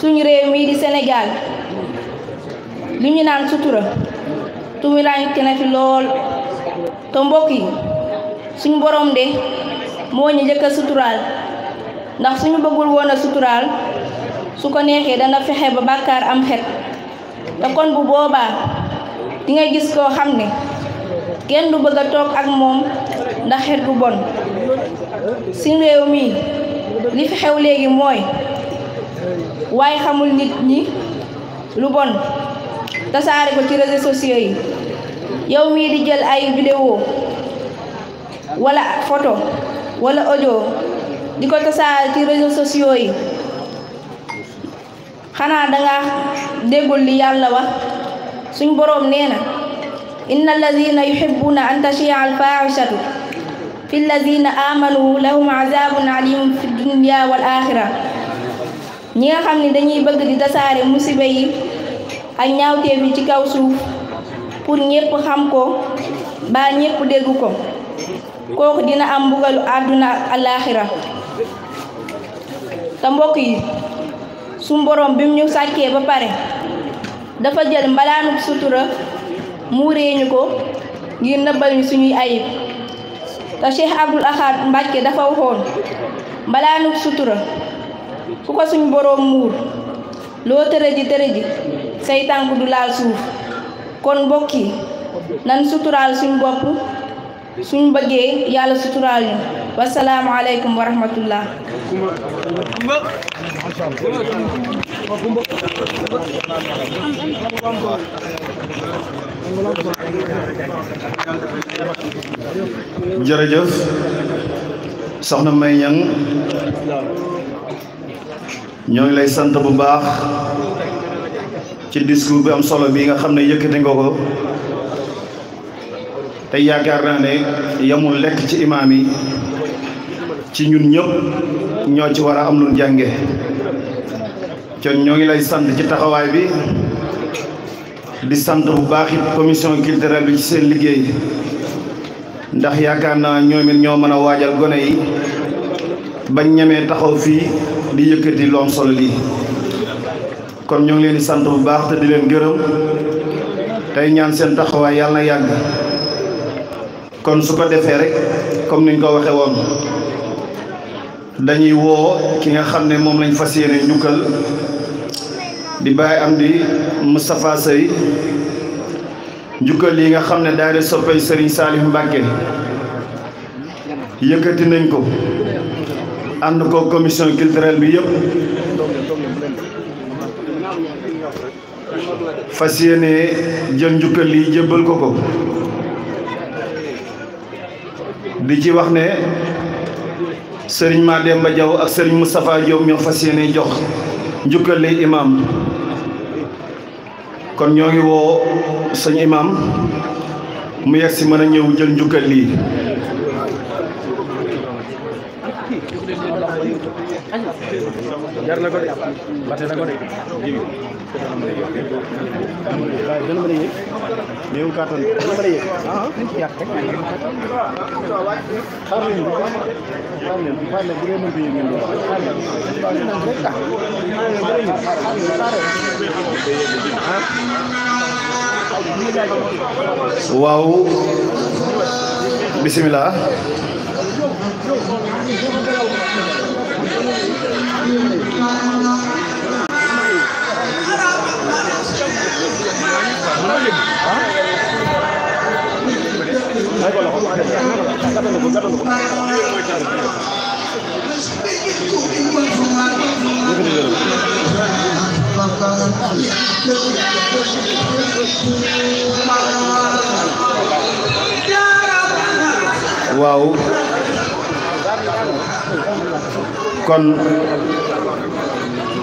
suñu réew mii di Sénégal li ñu naan sutura tumurànke na fi lool te mbokk yi suñ boroom de moo ñu njëkk suturaal ndax suñu bëggul woon suturaal su ko neexee dana fexe ba bàkkaar am xet te kon bu boobaa di nga gis koo xam ne kenn du bëgg a toog ak moom ndax xet bu bon suñu réew mii li fi xew léegi mooy waaye xamul nit ñi lu bon tasaare ko ci réseaux sociaux yi yow mi di jël ay vidéo wala photo wala audio diko ko tasaare ci réseaux sociaux yi xana da nga déggul li yàlla wax suñ borom neena ان الذين يحبون ان تشيع الفاحشه في الذين امنوا لهم عذاب عليم في الدنيا والاخره ñi nga xam ne dañuy bëgg di tasaare musiba yi ak ñaawteef mi ci kaw suuf pour ñépp xam ko ba ñépp dégg ko kooku dina am mbugalu àdduna ak alaaxira te mbokk yi su mboroom bi mu ñu sàkkee ba pare dafa jël mbalaanu sutura mu ñu ko ngir nëbbal ñu suñuy ayib te Cheikh Abdoul Ahad Mbacke dafa waxoon mbalaanu sutura kuko ko suñ borom mur lo tëre ji tëre ji say bu du suuf kon bokki nan sutural suñ bopp suñ bëggee yàlla suturaal ñu wasalaamu alaykum wa rahmatullah jerejeuf soxna may ñang ñoo ngi lay sant bu baax ci discours bi am solo bi nga xam ne yëkkati nga ko te yaakaar naa ne yamul lekk ci imaam yi ci ñun ñëpp ñoo ci war a am lu jànge kon ñoo ngi lay sant ci taxawaay bi di sant bu baax it commission culturelle bi ci seen liggéey ndax yaakaar naa ñoom ñoo mën a waajal gone yi bañ ñame taxaw fi di yëkëti loom solo li kon ñu ngi leen di sant bu baax te di leen gërëm tay ñaan seen taxawaay yàlla na kon su ko defee rek comme niñ ko waxe woon dañuy woo ki nga xam ne moom lañ fas yéene di bàyyi am di Moustapha Seye njukkal yi nga xam ne soppay Serigne Salif Mbacke yëkkati nañ ko ànd ko commission culturelle bi yëpp fas yéene jël njukkal yi jébbal ko ko di ci wax ne sëriñ Mademba Diaw ak sëriñ Moustapha Diop ñoo fas yéene jox njukkal imam kon ñoo ngi woo sëñ imam mu yegg si mën a ñëw jël njukkal lii Wow, Bismillah. Wow. kon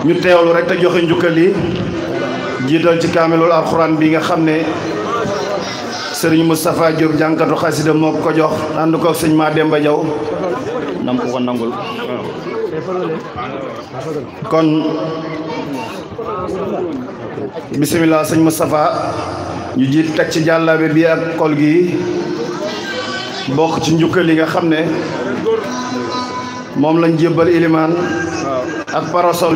ñu téwlu rek ta joxe njukkal yi jiital ci kamelul alquran bi nga xamné serigne mustapha Diop jankatu xasida moko ko jox and ko serigne Ma Demba jaw nam ko nangul kon bismillah serigne mustapha ñu jitt tek ci jallabe bi ak kol gi bok ci njukkal nga xamné moom lañ jébbal ilimaan ak parasol